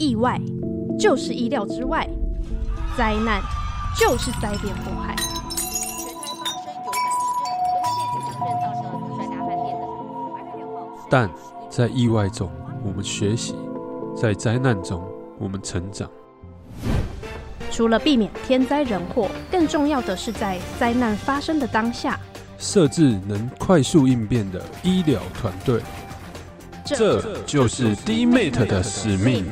意外就是意料之外，災難就是災變禍害。但在意外中我們學習，在災難中我們成長。除了避免天災人禍，更重要的是在災難發生的當下，設置能快速應變的醫療團隊，這就是 DMAT 的使命。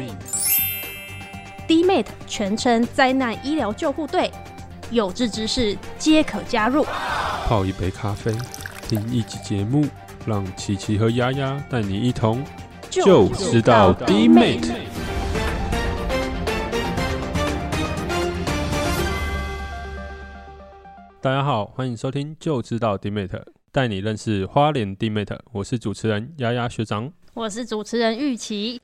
DMAT 全稱災難醫療救護隊，有志之士皆可加入。泡一杯咖啡，聽一集節目，讓淇淇和鴨鴨帶你一同就知道 DMAT。大家好，歡迎收聽就知道 DMAT，帶你認識花蓮 DMAT。我是主持人鴨鴨學長，我是主持人玉琪。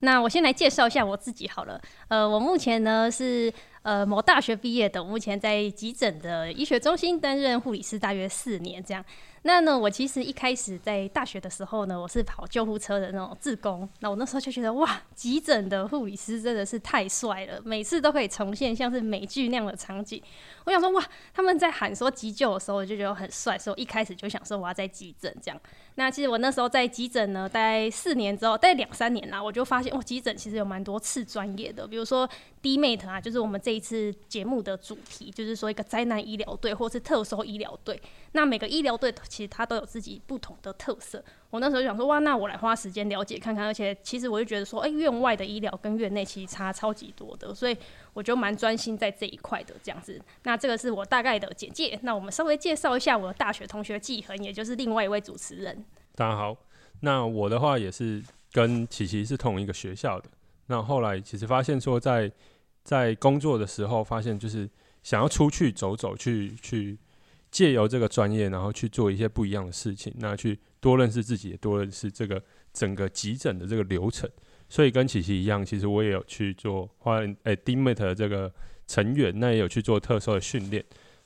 那我先來介紹一下我自己好了。呃，我目前呢是呃某大學畢業的，目前在急診的醫學中心擔任護理師，大約四年這樣。那呢，我其實一開始在大學的時候呢，我是跑救護車的那種志工。那我那時候就覺得哇，急診的護理師真的是太帥了，每次都可以重現像是美劇那樣的場景。我想說哇，他們在喊說急救的時候，我就覺得很帥，所以我一開始就想說我要在急診這樣。那其實我那時候在急診呢，待四年之後，待兩三年啦，我就發現哦，急診其實有蠻多次專業的，比如說 DMAT 啊，就是我們這一次節目的主題，就是說一個災難醫療隊或是特殊醫療隊。那每個醫療隊。其實它都有自己不同的特色。我那時候想說，哇，那我來花時間了解看看。而且，其實我就覺得說，哎、欸，院外的醫療跟院內其實差超級多的，所以我就蠻專心在這一塊的這樣子。那這個是我大概的簡介。那我們稍微介紹一下我的大學同學季恆，也就是另外一位主持人。大家好，那我的話也是跟淇淇是同一個學校的。那後來其實發現說在，在在工作的時候，發現就是想要出去走走去，去去。借由這個專業，然後去做一些不一樣的事情，那去多認識自己，也多認識這個整個急診的這個流程。所以跟琪琪一樣，其實我也有去做花蓮、哎、DMAT 的這個成員，那也有去做特殊的訓練。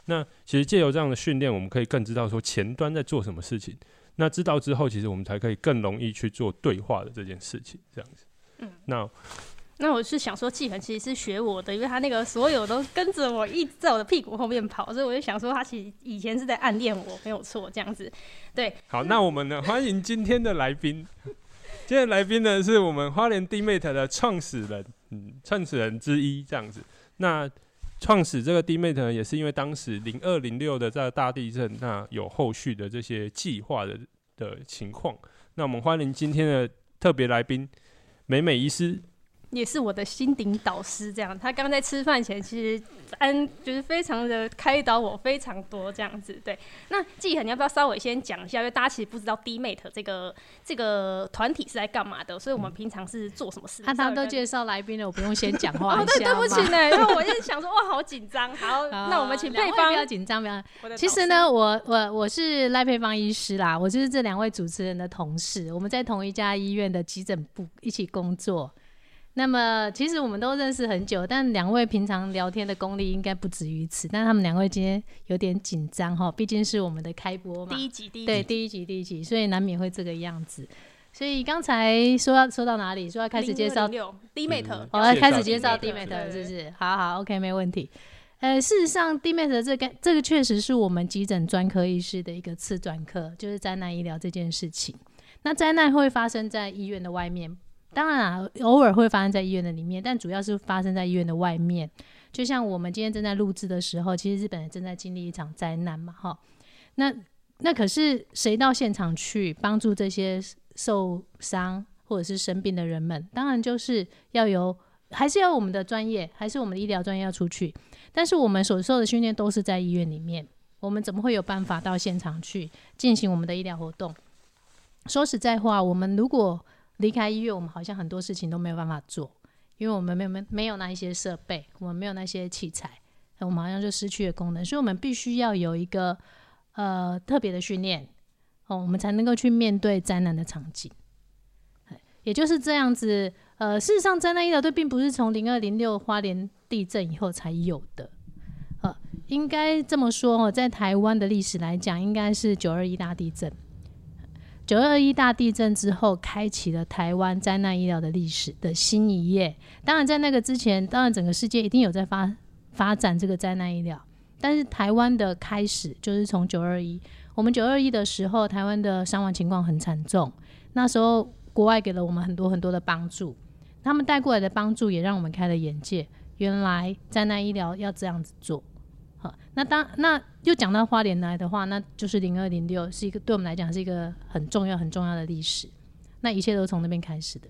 那其實借由這樣的訓練，我們可以更知道說前端在做什麼事情。那知道之後，其實我們才可以更容易去做對話的這件事情。這樣子，嗯、那。那我是想說，紀恆其實是學我的，因為他那個所有都跟着我，一直在我的屁股後面跑，所以我就想說，他其實以前是在暗戀我，沒有錯，這樣子，對。好，那我們呢，歡迎今天的來賓。 今天的來賓呢，是我們花蓮 d 妹的創始人，嗯，創始人之一這樣子。那創始這個 d 妹呢，也是因為當時零二零六的在大地震，那有後續的這些計劃的的情況。那我們歡迎今天的特別來賓，美美醫師。也是我的心靈導師，這樣。他剛在吃飯前，其實嗯，就是非常的開導我非常多這樣子。對，那季恆，你要不要稍微先講一下？因為大家其實不知道 DMAT 這個這個團體是在幹嘛的，所以我們平常是做什麼事？他、嗯啊、他都介紹來賓了，我不用先講話下 哦下嗎？對不起呢，因 為我就是想說，哇，好緊張。好，好、啊，那我們請佩芳不要緊張，不要。其實呢，我我我是賴佩芳醫師啦，我就是這兩位主持人的同事，我們在同一家醫院的急診部一起工作。那麼其實我們都認識很久，但兩位平常聊天的功力應該不止於此。但他們兩位今天有點緊張哈，畢竟是我們的開播嘛，第一集，第一集，對，第一集，第一集，所以難免會這個樣子。所以剛才說要說到哪裡，說要開始介紹 DMAT，我要開始介紹 DMAT 是不是？好好，OK，沒問題。呃，事實上 DMAT 這個這個確實是我們急診專科醫師的一個次專科，就是災難醫療這件事情。那災難會發生在醫院的外面。當然啊，偶爾會發生在醫院的裡面，但主要是發生在醫院的外面。就像我們今天正在錄制的時候，其實日本人正在經歷一場災難嘛，哈。那那可是誰到現場去幫助這些受傷或者是生病的人們？當然就是要有，還是要我們的專業，還是我們的醫療專業要出去。但是我們所受的訓練都是在醫院裡面，我們怎麼會有辦法到現場去進行我們的醫療活動？說實在話，我們如果離開醫院，我們好像很多事情都沒有辦法做，因為我們沒有沒沒有那一些設備，我們沒有那些器材，我們好像就失去了功能，所以我們必須要有一個呃特別的訓練哦，我們才能夠去面對災難的場景。也就是這樣子，呃，事實上災難醫療隊並不是從零二零六花蓮地震以後才有的，呃，應該這麼說哦，在台灣的歷史來講，應該是九二一大地震。九二一大地震之後，開啟了台灣災難醫療的歷史的新一頁。當然，在那個之前，當然整個世界一定有在發發展這個災難醫療，但是台灣的開始就是從九二一。我們九二一的時候，台灣的傷亡情況很慘重，那時候國外給了我們很多很多的幫助，他們帶過來的幫助也讓我們開了眼界，原來災難醫療要這樣子做。那當那又講到花蓮來的話，那就是零二零六是一個對我們來講是一個很重要很重要的歷史，那一切都是從那邊開始的。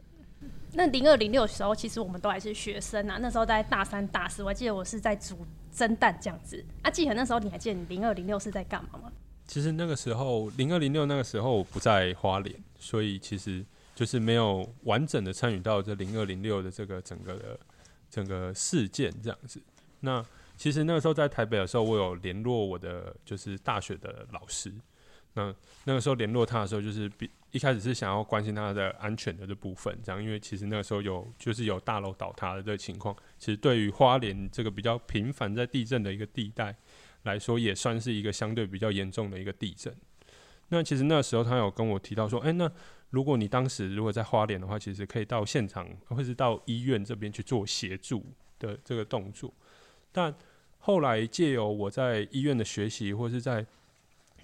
那零二零六的時候，其實我們都還是學生啊，那時候在大三大四，我還記得我是在煮蒸蛋這樣子。啊。記得那時候，你還記得你零二零六是在幹嘛嗎？其實那個時候零二零六那個時候我不在花蓮，所以其實就是沒有完整的參與到這零二零六的這個整個的整個事件這樣子。那。其實那個時候在台北的時候，我有聯絡我的就是大學的老師。那那個時候聯絡他的時候，就是一開始是想要關心他的安全的這部分，這樣，因為其實那個時候有就是有大樓倒塌的這個情況。其實對於花蓮這個比較頻繁在地震的一個地帶來說，也算是一個相對比較嚴重的一個地震。那其實那個時候他有跟我提到說：“哎、欸，那如果你當時如果在花蓮的話，其實可以到現場或者是到醫院這邊去做協助的這個動作。”但後來借由我在醫院的學習，或是在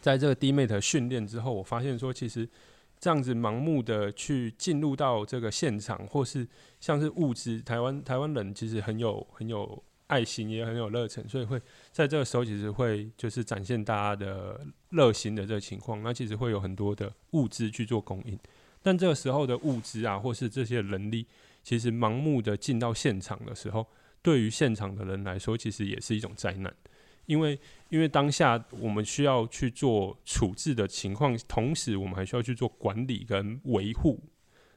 在這個 DMAT 的訓練之後，我發現說，其實這樣子盲目的去進入到這個現場，或是像是物資，台灣台灣人其實很有很有愛心，也很有熱忱，所以會在這個時候其實會就是展現大家的熱心的這個情況。那其實會有很多的物資去做供應，但這個時候的物資啊，或是這些人力，其實盲目的進到現場的時候。對於現場的人來說，其實也是一種災難，因為因為當下我們需要去做處置的情況，同時我們還需要去做管理跟維護，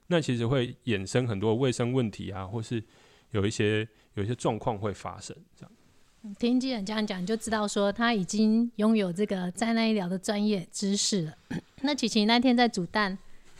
那其實會衍生很多衛生問題啊，或是有一些有一些狀況會發生。這樣，嗯，聽記者這樣講，就知道說他已經擁有這個災難醫療的專業知識了。 那淇淇那天在煮蛋，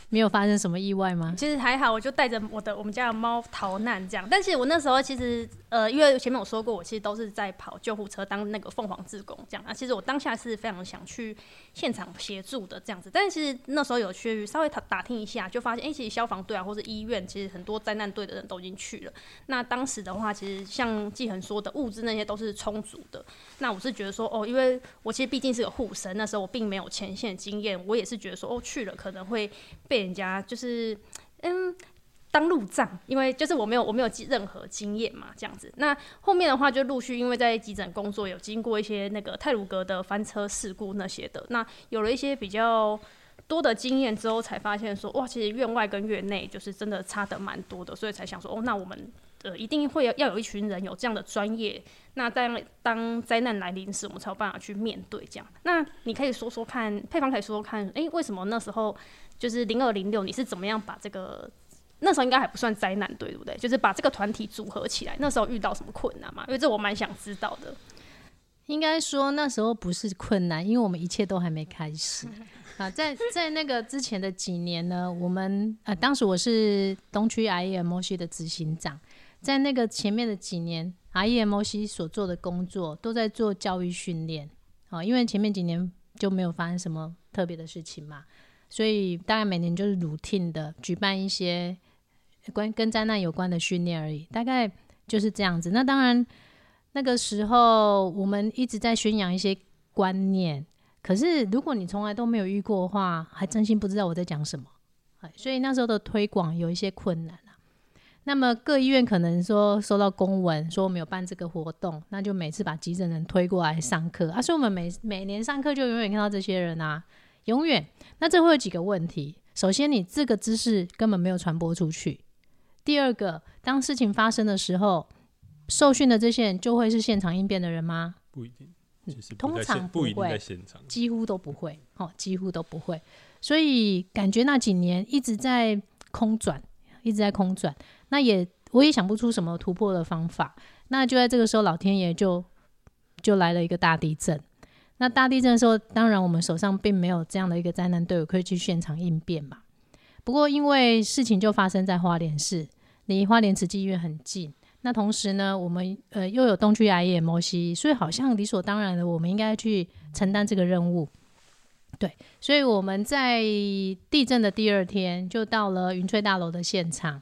沒有發生什麼意外嗎？其實還好，我就帶着我的我們家的貓逃難這樣，但是我那時候其實。呃，因為前面我說過，我其實都是在跑救護車當那個鳳凰志工這樣。啊，其實我當下是非常想去現場協助的這樣子，但是其實那時候有去稍微打打聽一下，就發現誒、欸，其實消防隊啊，或者醫院，其實很多災難隊的人都已經去了。那當時的話，其實像季恆說的，物資那些都是充足的。那我是覺得說，哦，因為我其實畢竟是個護生，那時候我並沒有前線經驗，我也是覺得說，哦，去了可能會被人家就是嗯。當路障，因為就是我沒有我沒有任何經驗嘛，這樣子。那後面的話就陸續因為在急診工作，有經過一些那個太魯閣的翻車事故那些的。那有了一些比較多的經驗之後，才發現說哇，其實院外跟院內就是真的差得蠻多的。所以才想說哦，那我們呃一定會要要有一群人有這樣的專業，那在當災難來臨時，我們才有辦法去面對這樣。那你可以說說看，佩芳，可以說說看，哎、欸，為什麼那時候就是零二零六，你是怎麼樣把這個？那時候應該還不算災難，對不對？就是把這個團體組合起來。那時候遇到什麼困難嗎？因為這我蠻想知道的。應該說那時候不是困難，因為我們一切都還沒開始 啊。在在那個之前的幾年呢，我們呃、啊、當時我是東區 REMOC 的執行長，在那個前面的幾年，REMOC 所做的工作都在做教育訓練啊，因為前面幾年就沒有發生什麼特別的事情嘛，所以大概每年就是 routine 的舉辦一些。關跟災難有關的訓練而已，大概就是這樣子。那當然，那個時候我們一直在宣揚一些觀念，可是如果你從來都沒有遇過的話，還真心不知道我在講什麼。所以那時候的推廣有一些困難啊。那麼各醫院可能說收到公文說我們有辦這個活動，那就每次把急診人推過來上課啊，所以我們每每年上課就永遠看到這些人啊，永遠。那這會有幾個問題：首先，你這個知識根本沒有傳播出去。第二個，當事情發生的時候，受訓的這些人就會是現場應變的人嗎？不一定，就是通常不會不一定在現場，幾乎都不會，哦，幾乎都不會。所以感覺那幾年一直在空轉，一直在空轉。那也我也想不出什麼突破的方法。那就在這個時候，老天爺就就來了一個大地震。那大地震的時候，當然我們手上並沒有這樣的一個災難隊伍可以去現場應變嘛。不過因為事情就發生在花蓮市。離花蓮慈濟醫院很近，那同時呢，我們呃又有東區 EMOC，所以好像理所當然的，我們應該去承擔這個任務。對，所以我們在地震的第二天就到了雲翠大樓的現場。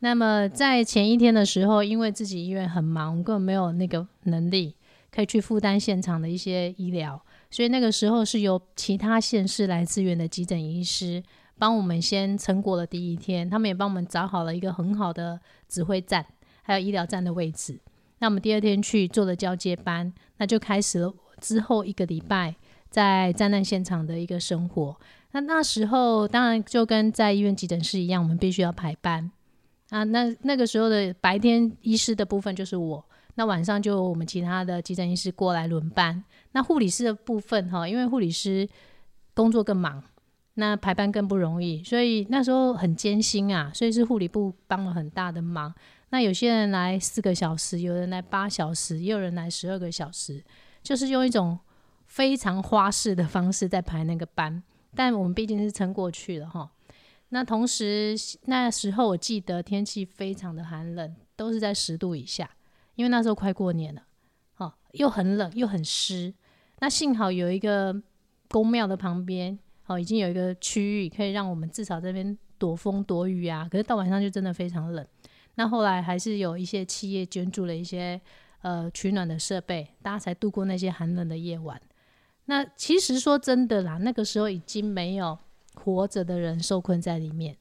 那麼在前一天的時候，因為自己醫院很忙，更沒有那個能力可以去負擔現場的一些醫療，所以那個時候是由其他縣市來支援的急診醫師幫我們先撐過了第一天，他們也幫我們找好了一個很好的指揮站，還有醫療站的位置。那我們第二天去做了交接班，那就開始了之後一個禮拜在災難現場的一個生活。那那時候當然就跟在醫院急診室一樣，我們必須要排班啊。那那，那個時候的白天醫師的部分就是我，那晚上就我們其他的急診醫師過來輪班。那護理師的部分哈，因為護理師工作更忙。那排班更不容易，所以那時候很艱辛啊。所以是護理部幫了很大的忙。那有些人來四個小時，有人來八小時，也有人來十二個小時，就是用一種非常花式的方式在排那個班。但我們畢竟是撐過去了哈。那同時，那時候我記得天氣非常的寒冷，都是在十度以下，因為那時候快過年了，哦，又很冷又很濕。那幸好有一個宮廟的旁邊。好、哦，已經有一個區域可以讓我們至少這邊躲風躲雨啊。可是到晚上就真的非常冷。那後來還是有一些企業捐助了一些呃取暖的設備，大家才度過那些寒冷的夜晚。那其實說真的啦，那個時候已經沒有活着的人受困在裡面，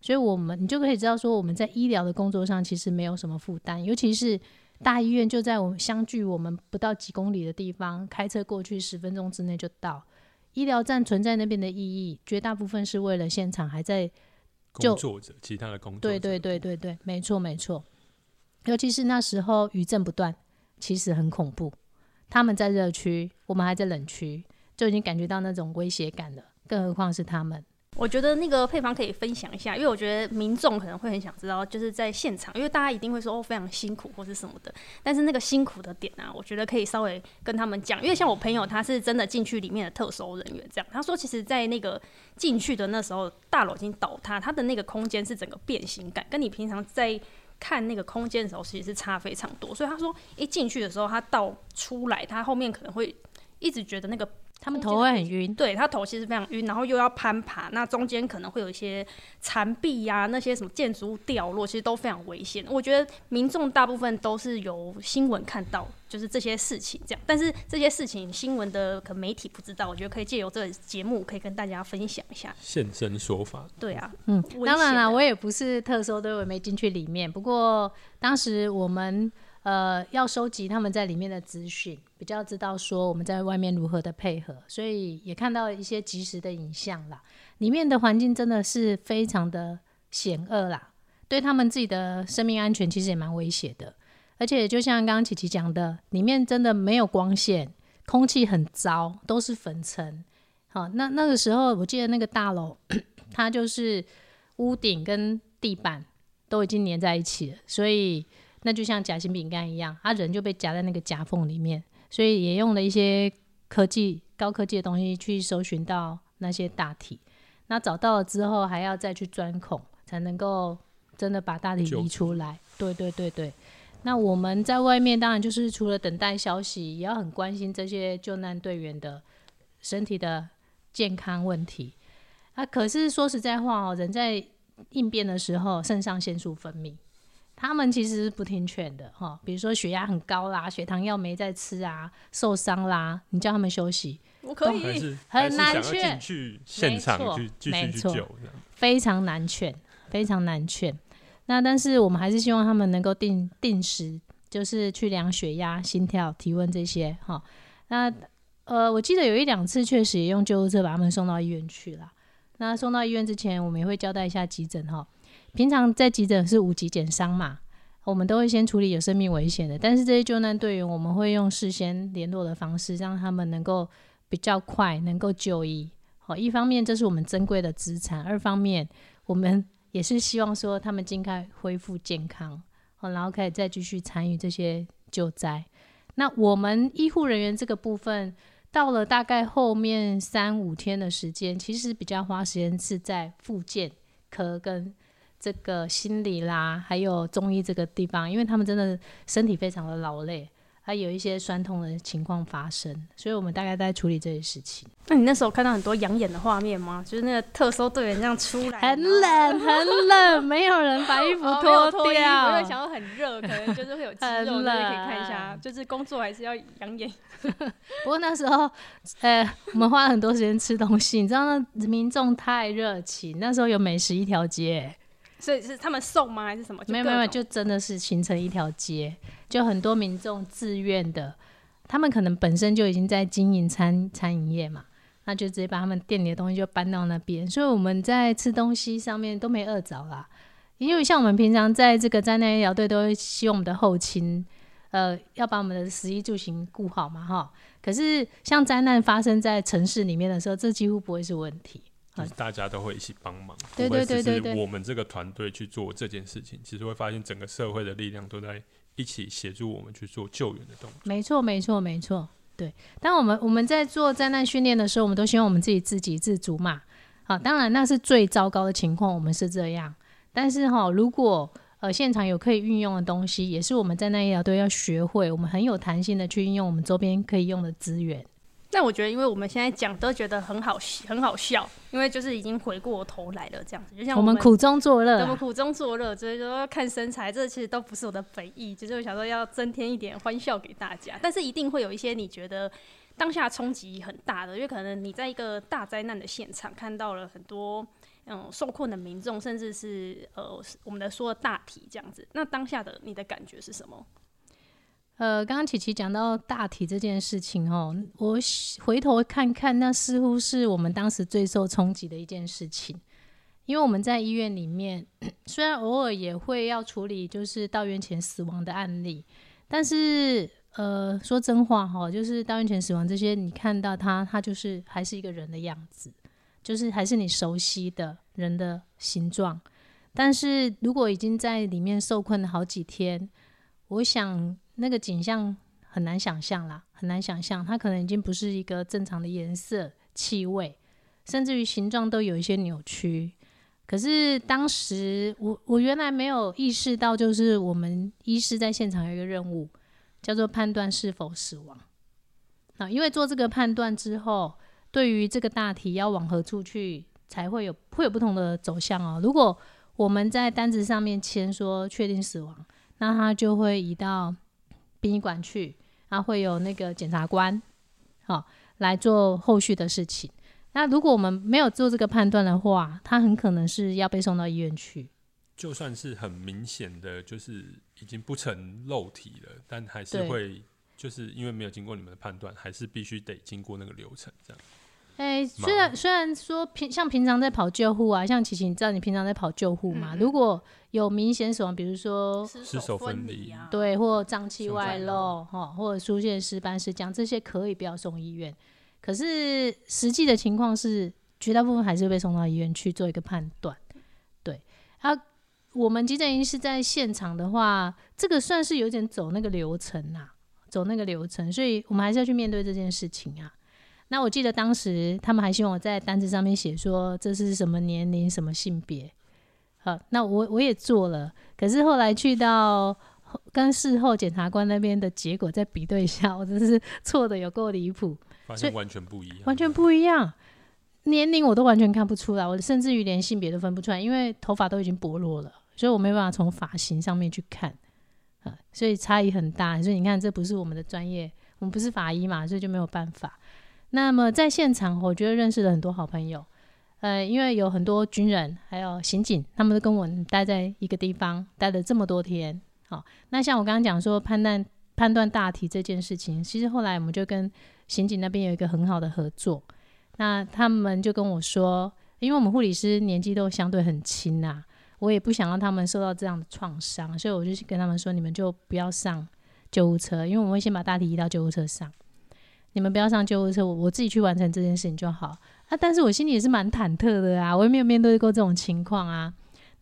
所以我們你就可以知道說我們在醫療的工作上其實沒有什麼負擔，尤其是大醫院就在我們相距我們不到幾公里的地方，開車過去十分鐘之內就到。醫療站存在那邊的意義，絕大部分是為了現場還在工作者。其他的工對對對對對，沒錯沒錯。尤其是那時候餘震不斷，其實很恐怖。他們在熱區，我們還在冷區，就已經感覺到那種威脅感了，更何況是他們。我覺得那個配方可以分享一下，因為我覺得民眾可能會很想知道，就是在現場，因為大家一定會說哦，非常辛苦或是什麼的。但是那個辛苦的點啊，我覺得可以稍微跟他們講，因為像我朋友他是真的進去裡面的特搜人員這樣，他說其實在那個進去的那時候，大樓已經倒塌，他的那個空間是整個變形感，跟你平常在看那個空間的時候其實是差非常多，所以他說一進去的時候，他到出來，他後面可能會一直覺得那個。他們頭會很暈、嗯，對他頭其實非常暈，然後又要攀爬，那中間可能會有一些殘壁呀、啊，那些什麼建築物掉落，其實都非常危險。我覺得民眾大部分都是由新聞看到，就是這些事情這樣。但是這些事情新聞的可能媒體不知道，我覺得可以借由這節目可以跟大家分享一下現身說法。對啊，嗯，當然啦，我也不是特搜隊，我沒進去裡面。不過當時我們呃要收集他們在裡面的資訊。比較知道說我們在外面如何的配合，所以也看到了一些即時的影像啦。裡面的環境真的是非常的險惡啦，對他們自己的生命安全其實也蠻危險的。而且就像剛剛琪琪講的，裡面真的沒有光線，空氣很糟，都是粉塵。好，那那個時候我記得那個大樓， 它就是屋頂跟地板都已經黏在一起了，所以那就像夾心餅乾一樣，他、啊、人就被夾在那個夾縫裡面。所以也用了一些科技、高科技的東西去搜尋到那些大體，那找到了之後還要再去鑽孔，才能夠真的把大體移出來。對對對對，那我們在外面當然就是除了等待消息，也要很關心這些救難隊員的身體的健康問題。啊，可是說實在話哦，人在應變的時候，腎上腺素分泌。他們其實是不聽勸的哈，比如說血壓很高啦，血糖藥沒在吃啊，受傷啦，你叫他們休息，我可以很難勸。去現場去繼續去救，非常難勸，非常難勸。那但是我們還是希望他們能夠定定時，就是去量血壓、心跳、體溫這些哈。那呃，我記得有一兩次確實也用救護車把他們送到醫院去了。那送到醫院之前，我們也會交代一下急診哈。平常在急診是五級檢傷嘛，我們都會先處理有生命危險的。但是這些救難隊員，我們會用事先聯絡的方式，讓他們能夠比較快能夠就醫。好，一方面這是我們珍貴的資產，二方面我們也是希望說他們盡快恢復健康，好，然後可以再繼續參與這些救災。那我們醫護人員這個部分，到了大概後面三五天的時間，其實比較花時間是在復健科跟。這個心理啦，還有中醫這個地方，因為他們真的身體非常的勞累，還有一些酸痛的情況發生，所以我們大概在處理這些事情。那你那時候看到很多養眼的畫面嗎？就是那個特搜隊員這樣出來， 很冷很冷，沒有人把衣服脫掉、 哦哦，沒有 想要很熱，可能就是會有肌肉，大 家，就是，可以看一下，就是工作還是要養眼。 不過那時候，呃、欸，我們花了很多時間吃東西， 你知道那民眾太熱情，那時候有美食一條街。所以是他們送嗎，還是什麼？沒有沒有，就真的是形成一條街，就很多民眾自願的，他們可能本身就已經在經營餐餐飲業嘛，那就直接把他們店裡的東西就搬到那邊，所以我們在吃東西上面都沒餓着啦。因為像我們平常在這個災難醫療隊，都會希望我們的後勤，呃，要把我們的食衣住行顧好嘛，哈。可是像災難發生在城市裡面的時候，這幾乎不會是問題。就是、大家都會一起幫忙，對對。或者是我們這個團隊去做這件事情，對對對對對對，其實會發現整個社會的力量都在一起協助我們去做救援的動作。沒錯，沒錯，沒錯，對。當我們我們在做災難訓練的時候，我們都希望我們自己自給自足嘛。好，當然那是最糟糕的情況，我們是這樣。但是哈、哦，如果呃現場有可以運用的東西，也是我們在那醫療隊都要學會，我們很有彈性的去運用我們周邊可以用的資源。但我覺得，因為我們現在講都覺得很好笑，很好笑，因為就是已經回過頭來了這樣子，就像我們苦中作樂，我們苦中作樂、啊，所以、就是、說看身材，這其實都不是我的本意，就是我想說要增添一點歡笑給大家。但是一定會有一些你覺得當下衝擊很大的，因為可能你在一個大災難的現場看到了很多嗯受困的民眾，甚至是呃我們的說的大體這樣子。那當下的你的感覺是什麼？呃，剛剛淇淇講到大體這件事情哦，我回頭看看，那似乎是我們當時最受衝擊的一件事情。因為我們在醫院裡面，雖然偶爾也會要處理，就是到院前死亡的案例，但是呃，說真話哈、哦，就是到院前死亡這些，你看到他，他就是還是一個人的樣子，就是還是你熟悉的人的形狀。但是如果已經在裡面受困了好幾天，我想。那個景象很難想象啦，很難想象，它可能已經不是一個正常的顏色、氣味，甚至於形狀都有一些扭曲。可是當時我我原來沒有意識到，就是我們醫師在現場有一個任務，叫做判斷是否死亡。那、啊、因為做這個判斷之後，對於這個大體要往何處去，才會有會有不同的走向哦、啊。如果我們在單子上面簽說確定死亡，那它就會移到。殯儀館去，然後會有那個檢察官，好、哦、來做後續的事情。那如果我們沒有做這個判斷的話，他很可能是要被送到醫院去。就算是很明顯的，就是已經不成肉體了，但還是會就是因為沒有經過你們的判斷，還是必須得經過那個流程這樣。哎、欸，雖然雖然說平像平常在跑救護啊，像琪琪，你知道你平常在跑救護嗎、嗯？如果有明顯死亡，比如說失手分離啊，對，或臟器外露，哈、哦，或者出現屍斑實、屍僵這些，可以不要送醫院。可是實際的情況是，絕大部分還是會被送到醫院去做一個判斷。對，啊，我們急診醫師是在現場的話，這個算是有點走那個流程啦、啊，走那個流程，所以我們還是要去面對這件事情啊。那我記得當時他們還希望我在單子上面寫說，這是什麼年齡、什麼性別。好、啊，那我我也做了，可是後來去到跟事後檢察官那邊的結果再比對一下，我真是錯的有夠離譜，發現完全不一樣，完全不一樣。年齡我都完全看不出來，我甚至於連性別都分不出來，因為頭髮都已經薄弱了，所以我沒辦法從髮型上面去看。啊、所以差異很大，所以你看這不是我們的專業，我們不是法醫嘛，所以就沒有辦法。那麼在現場，我覺得認識了很多好朋友。呃，因為有很多軍人還有刑警，他們都跟我待在一個地方，待了這麼多天。好、哦，那像我剛剛講說判斷判斷大體這件事情，其實後來我們就跟刑警那邊有一個很好的合作。那他們就跟我說，因為我們護理師年紀都相對很輕啦、啊，我也不想讓他們受到這樣的創傷，所以我就去跟他們說，你們就不要上救護車，因為我們會先把大體移到救護車上。你們不要上救護車，我我自己去完成這件事情就好啊！但是我心裡也是蠻忐忑的啊，我也沒有面對過這種情況啊。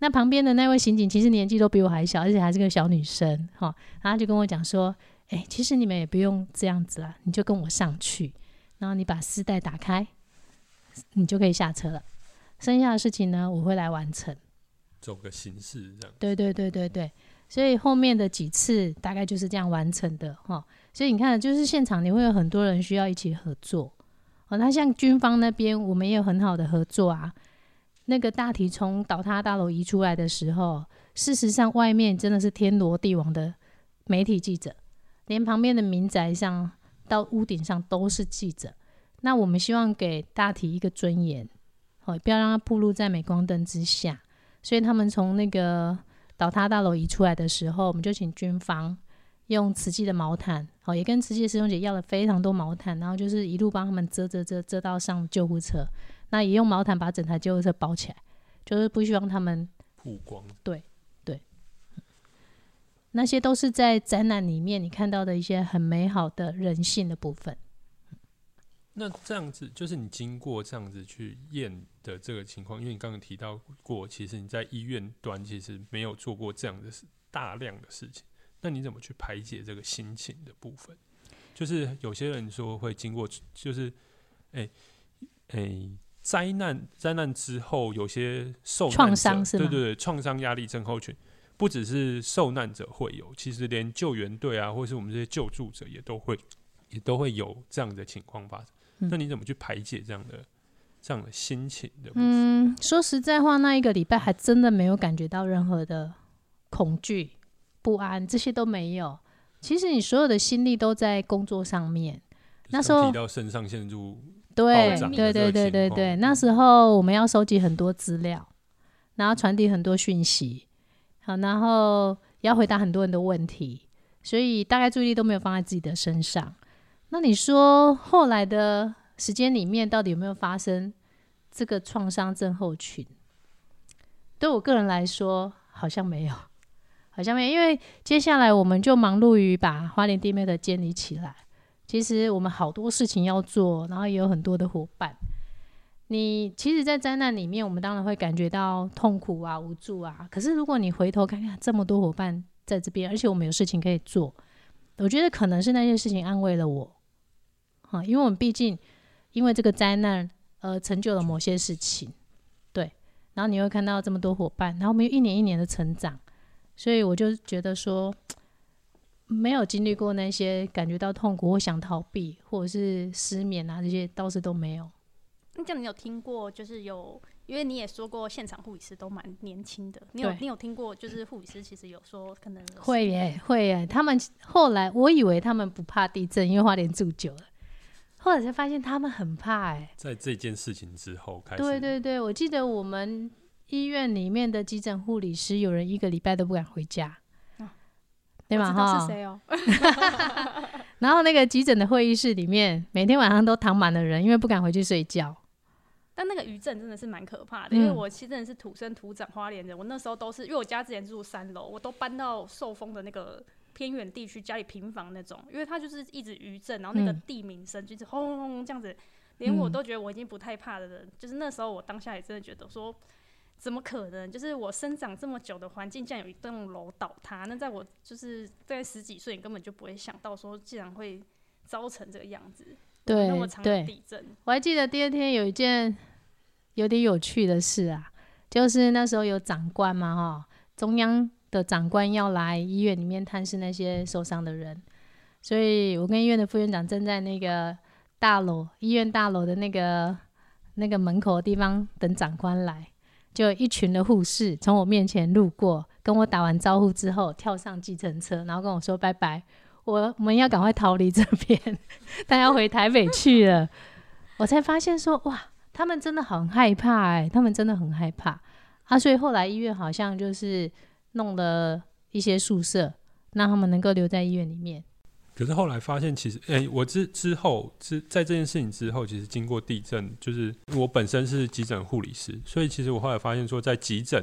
那旁邊的那位刑警其實年紀都比我還小，而且還是個小女生，哈，然後他就跟我講說：“誒、欸，其實你們也不用這樣子啦，你就跟我上去，然後你把絲帶打開，你就可以下車了。剩下的事情呢，我會來完成，走個形式這樣。”對對對對對，所以後面的幾次大概就是這樣完成的，哈。所以你看，就是現場你會有很多人需要一起合作哦。那像軍方那邊，我們也有很好的合作啊。那個大體從倒塌大樓移出來的時候，事實上外面真的是天羅地網的媒體記者，連旁邊的民宅上到屋頂上都是記者。那我們希望給大體一個尊嚴，哦，不要讓它暴露在鎂光燈之下。所以他們從那個倒塌大樓移出來的時候，我們就請軍方。用慈濟的毛毯，好，也跟慈濟師兄姐要了非常多毛毯，然後就是一路幫他們遮遮遮遮，到上救護車，那也用毛毯把整台救護車包起來，就是不希望他們曝光。對對，那些都是在災難裡面你看到的一些很美好的人性的部分。那這樣子就是你經過這樣子去驗的這個情況，因為你剛剛提到過，其實你在醫院端其實沒有做過這樣的大量的事情。那你怎麼去排解這個心情的部分？就是有些人說會經過，就是，哎、欸，哎、欸，災難，災難之後，有些受創傷，是嗎？對對對，創傷壓力症候群，不只是受難者會有，其實連救援隊啊，或是我們這些救助者也都會，也都會有這樣的情況發生，嗯。那你怎麼去排解這樣的這樣的心情的部分？嗯，說實在話，那一個禮拜還真的沒有感覺到任何的恐懼。不安，這些都沒有。其實你所有的心力都在工作上面。嗯、那時候，腎上腺素對，對對對對對對對，嗯。那時候我們要收集很多資料，然後傳遞很多訊息，好，然後也要回答很多人的問題，所以大概注意力都沒有放在自己的身上。那你說後來的時間裡面，到底有沒有發生這個創傷症候群？對我個人來說，好像沒有。好像沒，因為接下來我們就忙碌於把花蓮 DMAT 的建立起來。其實我們好多事情要做，然後也有很多的夥伴。你其實，在災難裡面，我們當然會感覺到痛苦啊、無助啊。可是，如果你回頭看看，這麼多夥伴在這邊，而且我們有事情可以做，我覺得可能是那些事情安慰了我。好、嗯，因為我們畢竟因為這個災難而成就了某些事情，對。然後你會看到這麼多夥伴，然後我們又一年一年的成長。所以我就覺得說，沒有經歷過，那些感覺到痛苦或想逃避，或者是失眠啊，這些倒是都沒有。那這樣你有聽過？就是有，因為你也說過，現場護理師都蠻年輕的。你有你有聽過？就是護理師其實有說可能會耶、欸、會耶、欸。他們後來我以為他們不怕地震，因為花蓮住久了，後來才發現他們很怕哎、欸。在這件事情之後，開始。對對對，我記得我們。醫院裡面的急診護理師，有人一個禮拜都不敢回家，哦、對吧？哈、哦， 然後那個急診的會議室裡面，每天晚上都躺滿了人，因為不敢回去睡覺。但那個餘震真的是蠻可怕的，嗯、因為我其實真的是土生土長花蓮人，我那時候都是因為我家之前住三樓，我都搬到壽豐的那個偏遠地區，家裡平房那種，因為它就是一直餘震，然後那個地鳴聲、嗯、就是轟轟轟這樣子，連我都覺得我已經不太怕的人，嗯、就是那時候我當下也真的覺得說。怎麼可能？就是我生長這麼久的環境，竟然有一棟樓倒塌。那在我就是在十幾歲，你根本就不會想到說，竟然會造成這個樣子，對，怎麼那麼長的地震。我還記得第二天有一件有點有趣的事啊，就是那時候有長官嘛，哈，中央的長官要來醫院裡面探視那些受傷的人，所以我跟醫院的副院長正在那個大樓，醫院大樓的那個那個門口的地方等長官來。就一群的護士從我面前路過，跟我打完招呼之後，跳上計程車，然後跟我說拜拜，我我們要趕快逃離這邊，他要回台北去了。 我才發現說，哇，他們真的很害怕哎、欸，他們真的很害怕啊！所以後來醫院好像就是弄了一些宿舍，讓他們能夠留在醫院裡面。可是後來發現，其實哎、欸，我之之後之在這件事情之後，其實經過地震，就是我本身是急診護理師，所以其實我後來發現說，在急診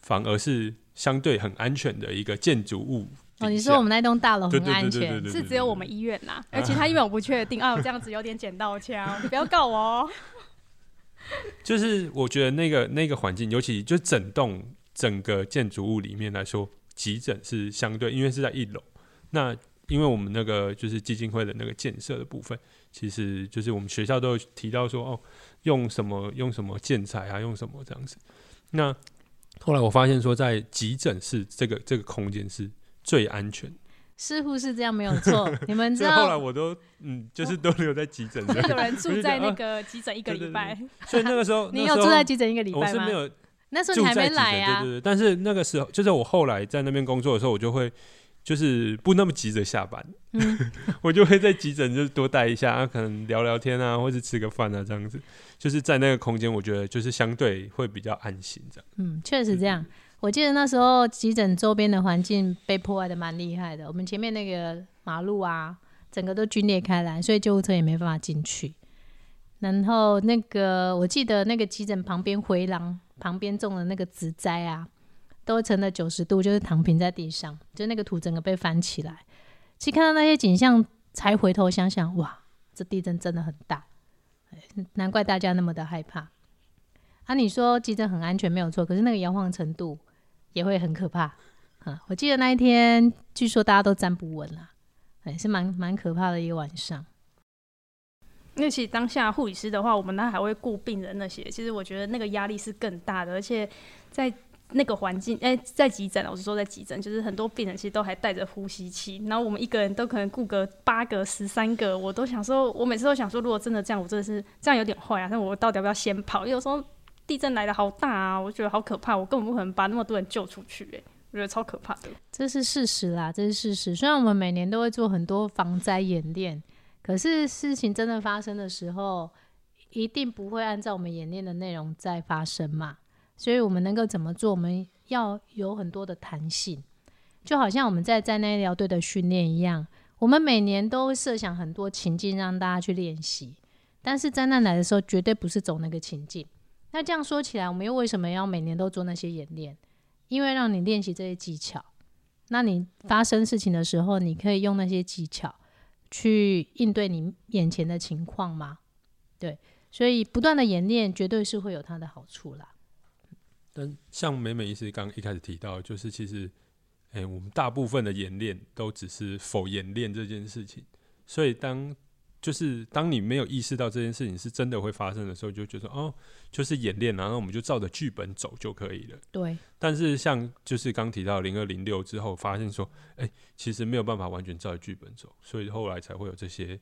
反而是相對很安全的一個建築物。哦，你說我們那棟大樓很安全，對對對對對對對對，是只有我們醫院吶、啊？而其他醫院我不確定啊。我這樣子有點撿到槍， 你不要告我、哦。就是我覺得那個那個環境，尤其就整棟整個建築物裡面來說，急診是相對，因為是在一樓，那。因為我們那個就是基金會的那個建設的部分，其實就是我們學校都有提到說哦，用什麼用什麼建材啊，用什麼這樣子。那後來我發現說，在急診室這個這個空間是最安全，似乎是這樣沒有錯。 你們知道？後來我都嗯，就是都留在急診室，哦。有人住在那個急診一個禮拜，啊，對對對 所以那個時候，那時候你有住在急診一個禮拜嗎？那時候你還沒來呀，啊。對對對。但是那個時候，就是我後來在那邊工作的時候，我就會。就是不那麼急着下班，嗯、 我就會在急診就多待一下、啊，可能聊聊天啊，或者吃個飯啊，這樣子，就是在那個空間，我覺得就是相對會比較安心這樣。嗯，確實這樣。我記得那時候急診周邊的環境被破壞的蠻厲害的，我們前面那個馬路啊，整個都龜裂開來，所以救護車也沒辦法進去。然後那個我記得那個急診旁邊回廊旁邊種的那個植栽啊。都成了九十度，就是躺平在地上，就那個土整個被翻起來。其實看到那些景象，才回頭想想，哇，這地震真的很大，難怪大家那麼的害怕。啊，你說急診很安全沒有錯，可是那個搖晃程度也會很可怕。啊，我記得那一天，據說大家都站不穩了，哎、欸，是蠻蠻可怕的一個晚上。因為其實當下護理師的話，我們那還會顧病人那些，其實我覺得那個壓力是更大的，而且在。那個環境，哎、欸，在急診，我是說在急診，就是很多病人其實都還帶着呼吸器，然後我們一個人都可能顧個八個、十三個，我都想說，我每次都想說，如果真的這樣，我真的是這樣有點壞啊，但我到底要不要先跑？因為有時候地震來得好大啊，我覺得好可怕，我根本不可能把那麼多人救出去哎、欸，我覺得超可怕的，這是事實啦，這是事實。雖然我們每年都會做很多防災演練，可是事情真的發生的時候，一定不會按照我們演練的內容再發生嘛。所以我們能夠怎麼做？我們要有很多的彈性，就好像我們在在災難醫療隊的訓練一樣，我們每年都會設想很多情境讓大家去練習。但是災難來的時候，絕對不是走那個情境。那這樣說起來，我們又為什麼要每年都做那些演練？因為讓你練習這些技巧，那你發生事情的時候，你可以用那些技巧去應對你眼前的情況嗎？對，所以不斷的演練，絕對是會有它的好處啦。但像美美醫師剛一開始提到，就是其實，哎、欸，我們大部分的演練都只是否演練這件事情。所以當就是當你沒有意識到這件事情是真的會發生的時候，就覺得說哦，就是演練，然後我們就照着劇本走就可以了。對。但是像就是剛提到零二零六之後，發現說，哎、欸，其實沒有辦法完全照着劇本走，所以後來才會有這些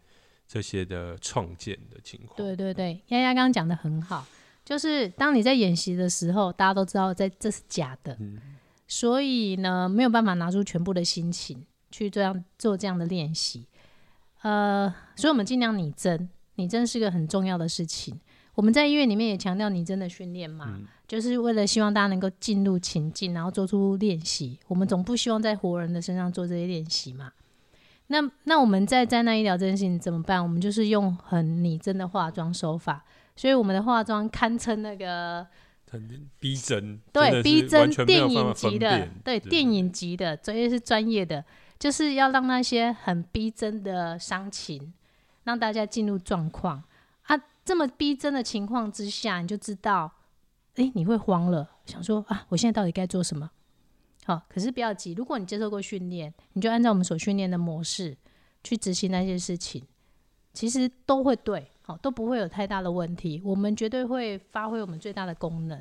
這些的創建的情況。對對對，嗯、鴨鴨剛剛講得很好。就是當你在演習的時候，大家都知道在這是假的，嗯、所以呢，沒有辦法拿出全部的心情去這樣做這樣的練習。呃，所以我們盡量擬真，擬真是個很重要的事情。我們在醫院裡面也強調擬真的訓練嘛、嗯，就是為了希望大家能夠進入情境，然後做出練習。我們總不希望在活人的身上做這些練習嘛。那那我們在在那一條真心怎麼辦？我們就是用很擬真的化妝手法，所以我們的化妝堪稱那個很逼真，對真的逼真電影級的對對對，電影級的，對電影級的專業是專業的，就是要讓那些很逼真的傷情，讓大家進入狀況啊。這麼逼真的情況之下，你就知道，誒、欸，你會慌了，想說啊，我現在到底該做什麼？好、哦，可是不要急。如果你接受過訓練，你就按照我們所訓練的模式去執行那些事情，其實都會對，好、哦、都不會有太大的問題。我們絕對會發揮我們最大的功能，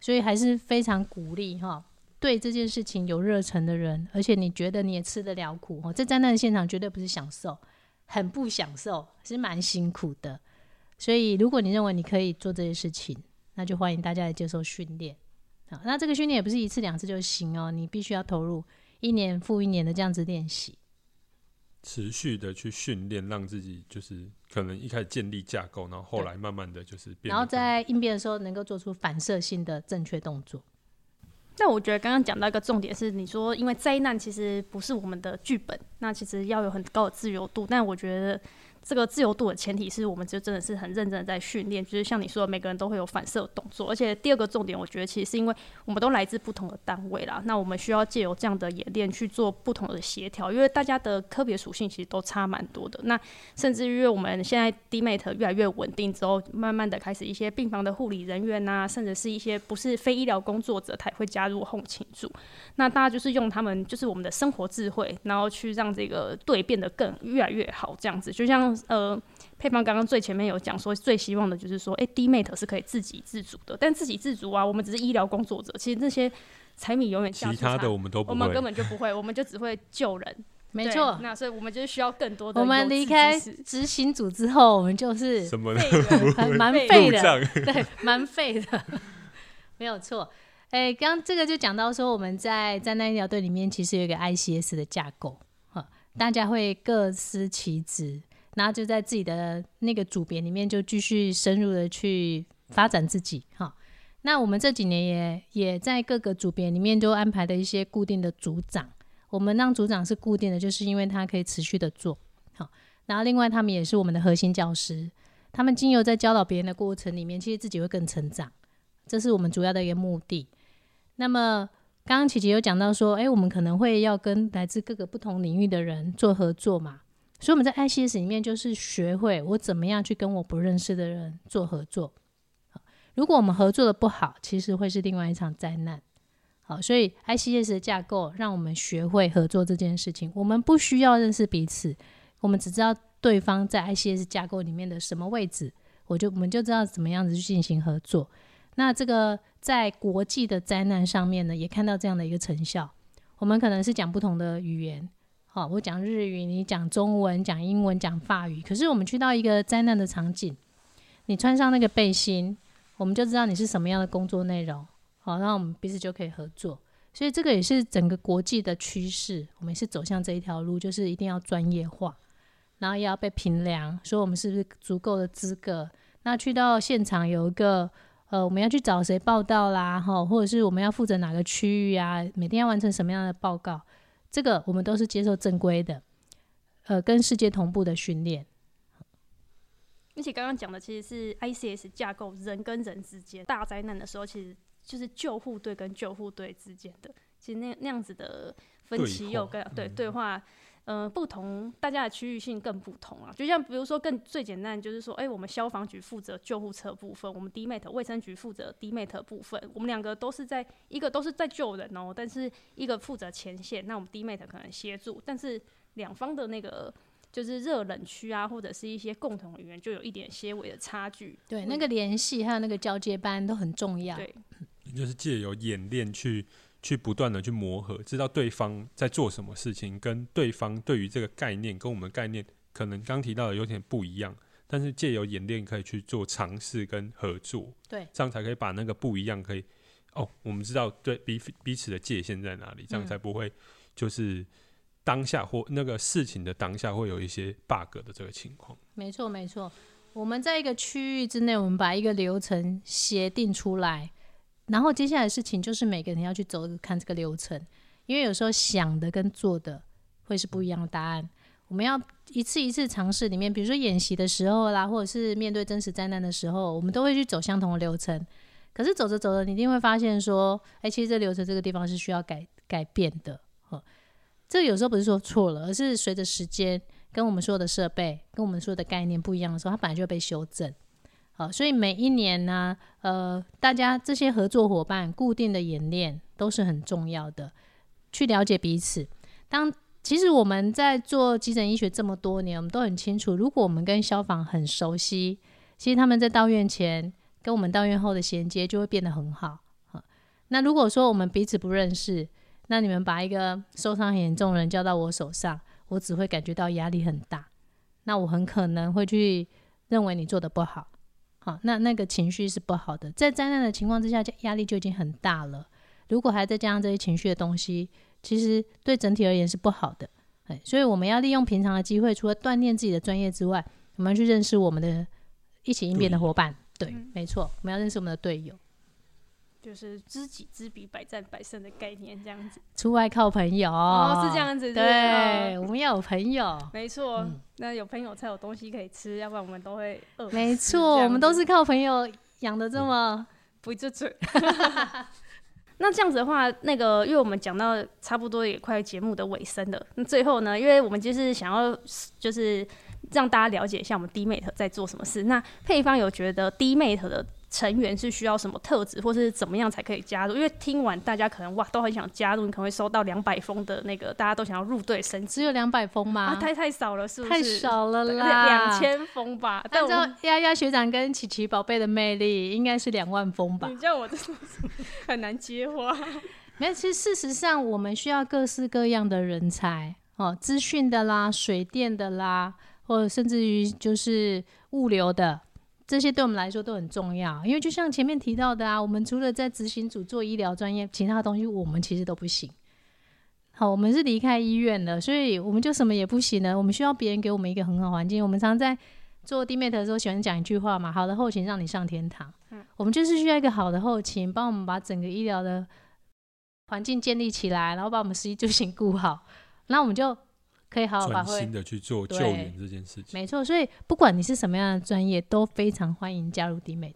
所以還是非常鼓勵哈、哦，對這件事情有熱忱的人，而且你覺得你也吃得了苦哦。這災難現場絕對不是享受，很不享受，是蠻辛苦的。所以如果你認為你可以做這些事情，那就歡迎大家來接受訓練。好，那這個訓練也不是一次兩次就行哦，你必須要投入一年復一年的這樣子練習，持續的去訓練，讓自己就是可能一開始建立架構，然後後來慢慢的就是變成，變。然後在應變的時候能夠做出反射性的正確動作、嗯。那我覺得剛剛講到一個重點是，你說因為災難其實不是我們的劇本，那其實要有很高的自由度，但我覺得。這個自由度的前提是，我們就真的是很認真的在訓練，就是像你說的，每個人都會有反射的動作。而且第二個重點，我覺得其實是因為我們都來自不同的單位啦，那我們需要借由這樣的演練去做不同的協調，因為大家的科別屬性其實都差蠻多的。那甚至於因為我們現在 DMAT 越來越穩定之後，慢慢的開始一些病房的護理人員啊，甚至是一些不是非醫療工作者，他也會加入後勤組。那大家就是用他們就是我們的生活智慧，然後去讓這個隊變得更越來越好，這樣子，就像。呃，佩芳，剛剛最前面有講說，最希望的就是說，哎、欸、DMAT 是可以自給自足的。但自給自足啊，我們只是醫療工作者，其實那些柴米油鹽，其他的我們都不會，我們根本就不會，我們就只會救人。沒錯。那所以我們就是需要更多的人。我們離開執行組之後，我們就是什麼呢？蠻廢的，對，蠻廢的， 沒有錯。哎、欸，剛剛這個就講到說，我們在在災難醫療隊裡面，其實有一個 ICS 的架構，嗯、大家會各司其職。然後就在自己的那個組別裡面，就繼續深入的去發展自己。哈，那我們這幾年也也在各個組別裡面都安排了一些固定的組長。我們讓組長是固定的，就是因為他可以持續的做。好，然後另外他們也是我們的核心教師。他們經由在教導別人的過程裡面，其實自己會更成長，這是我們主要的一個目的。那麼剛剛琪琪有講到說，哎、欸，我們可能會要跟來自各個不同領域的人做合作嘛。所以我們在 ICS 裡面就是學會我怎麼樣去跟我不認識的人做合作。如果我們合作得不好，其實會是另外一場災難。好，所以 ICS 的架構讓我們學會合作這件事情。我們不需要認識彼此，我們只知道對方在 ICS 架構裡面的什麼位置，我就我們就知道怎麼樣子去進行合作。那這個在國際的災難上面呢，也看到這樣的一個成效。我們可能是講不同的語言。好、哦，我講日語，你講中文，講英文，講法語。可是我們去到一個災難的場景，你穿上那個背心，我們就知道你是什麼樣的工作內容。好、哦，那我們彼此就可以合作。所以這個也是整個國際的趨勢，我們是走向這一條路，就是一定要專業化，然後也要被評量，說我們是不是足夠的資格。那去到現場有一個，呃，我們要去找誰報到啦，哈、哦，或者是我們要負責哪個區域啊？每天要完成什麼樣的報告？這個我們都是接受正規的，呃，跟世界同步的訓練。而且剛剛講的其實是 ICS 架構，人跟人之間大災難的時候，其實就是救護隊跟救護隊之間的，其實那那樣子的分歧又跟對對話。對對話，嗯。嗯、呃，不同大家的區域性更不同啊，就像比如說更最簡單就是說，哎、欸，我們消防局負責救護車部分，我們 DMAT 衛生局負責 DMAT 部分，我們兩個都是在一個都是在救人哦、喔，但是一個負責前線，那我們 DMAT 可能協助，但是兩方的那個就是熱冷區啊，或者是一些共同語言，就有一點些微的差距。對，嗯、那個聯繫還有那個交接班都很重要。對，就是借由演練去。去不斷的去磨合，知道對方在做什麼事情，跟對方對於這個概念跟我們的概念可能剛提到的有點不一樣，但是借由演練可以去做嘗試跟合作，對，這樣才可以把那個不一樣可以，哦，我們知道對，彼此的界限在哪裡，嗯，這樣才不會就是當下或那個事情的當下會有一些 bug 的這個情況。沒錯沒錯，我們在一個區域之內，我們把一個流程協定出來。然後接下來的事情就是每個人要去走這個，看這個流程，因為有時候想的跟做的會是不一樣的答案。我們要一次一次嘗試裡面，比如說演習的時候啦，或者是面對真實災難的時候，我們都會去走相同的流程。可是走着走着，你一定會發現說，哎、欸，其實這流程這個地方是需要改、改變的。這有時候不是說錯了，而是隨着時間跟我們說的設備跟我們說的概念不一樣的時候，它本來就會被修正。好，所以每一年呢、啊，呃，大家這些合作夥伴固定的演練都是很重要的，去了解彼此。當其實我們在做急診醫學這麼多年，我們都很清楚，如果我們跟消防很熟悉，其實他們在到院前跟我們到院後的銜接就會變得很好。那如果說我們彼此不認識，那你們把一個受傷很嚴重的人交到我手上，我只會感覺到壓力很大，那我很可能會去認為你做得不好。啊，那那個情緒是不好的，在災難的情況之下，壓力就已經很大了。如果還再加上這些情緒的東西，其實對整體而言是不好的。哎，所以我們要利用平常的機會，除了鍛鍊自己的專業之外，我們要去認識我們的一起應變的夥伴。對，對，沒錯，我們要認識我們的隊友。就是知己知彼，百戰百勝的概念，這樣子。出外靠朋友哦，是這樣子是不是？對、嗯，我們要有朋友。沒錯、嗯，那有朋友才有東西可以吃，要不然我們都會餓死。沒錯，我們都是靠朋友養的這麼肥嘟嘟。嗯、 那這樣子的話，那個，因為我們講到差不多也快節目的尾聲了。那最後呢，因為我們就是想要就是讓大家了解一下我們 DMAT 在做什麼事。那佩芳有覺得 DMAT 的成員是需要什麼特質，或是怎麼樣才可以加入？因為聽完大家可能哇都很想加入，你可能會收到兩百封的那個大家都想要入隊申請，只有兩百封嗎？啊，太太少了，是不是？太少了啦，兩千封吧。但我知道丫丫學長跟琪琪寶貝的魅力應該是兩萬封吧。你知道我在說什麼？很難接話。沒有。 其實事實上，我們需要各式各樣的人才哦，資訊的啦，水電的啦，或者甚至於就是物流的。這些對我們來說都很重要，因為就像前面提到的啊，我們除了在執行組做醫療專業，其他東西我們其實都不行。好，我們是離開醫院的，所以我們就什麼也不行了。我們需要別人給我們一個很好的環境。我們常在做 DMAT 的時候喜歡講一句話嘛，好的後勤讓你上天堂。嗯，我們就是需要一個好的後勤，幫我們把整個醫療的環境建立起來，然後把我們食衣住行顧好，那我們就可以好好發揮的去做救援這件事情，沒錯。所以不管你是什麼樣的專業，都非常歡迎加入 DMAT。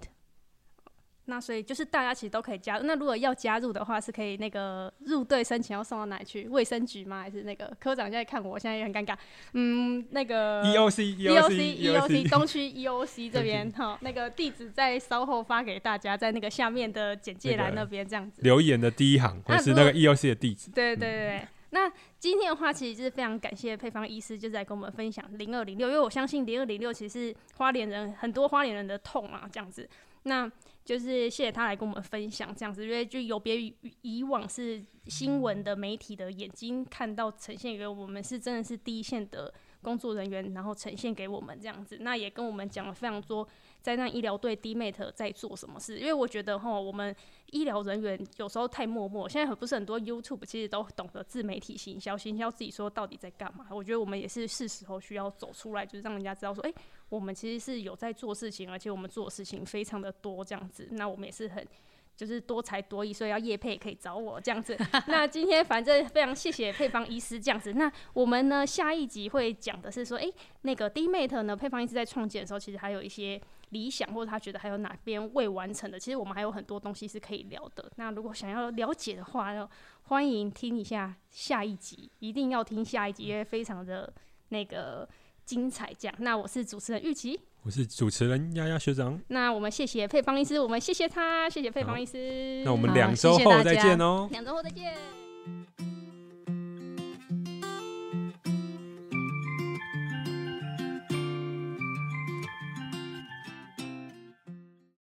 那所以就是大家其實都可以加入。那如果要加入的話，是可以那個入隊申請要送到哪裡去？衛生局嗎？還是那個科長就在看我，我現在也很尷尬。嗯，那個 EOC EOC EOC, EOC, EOC EOC EOC 東區 EOC 這邊哈、 哦，那個地址在稍後發給大家，在那個下面的簡介欄那邊這樣子。那個、留言的第一行，或是那個 EOC 的地址。對對對、嗯。那今天的話，其實就是非常感謝佩芳醫師，就來跟我們分享零二零六，因為我相信零二零六其實是花蓮人很多花蓮人的痛啊，這樣子。那就是謝謝他來跟我們分享這樣子，因為就有別於以往是新聞的媒體的眼睛看到呈現給我們，我們是真的是第一線的工作人員，然後呈現給我們這樣子。那也跟我們講了非常多。災難醫療隊 DMAT 在做什麼事？因為我覺得哈，我們醫療人員有時候太默默。現在很不是很多 YouTube 其實都懂得自媒體行銷，行銷自己說到底在幹嘛？我覺得我們也是是時候需要走出來，就是讓人家知道說，哎、欸，我們其實是有在做事情，而且我們做的事情非常的多這樣子。那我們也是很就是多才多藝，所以要業配也可以找我這樣子。 那今天反正非常謝謝佩芳醫師這樣子。那我們呢下一集會講的是說，哎、欸，那個 DMAT 呢佩芳醫師在創建的時候其實還有一些。理想，或者他覺得還有哪邊未完成的，其實我們還有很多東西是可以聊的。那如果想要了解的話，要歡迎聽一下下一集，一定要聽下一集，因為非常的那個精彩。這樣，那我是主持人玉琪，我是主持人鴨鴨學長。那我們謝謝佩芳醫師，我們謝謝他，謝謝佩芳醫師。那我們兩周後再見哦，兩週後再見。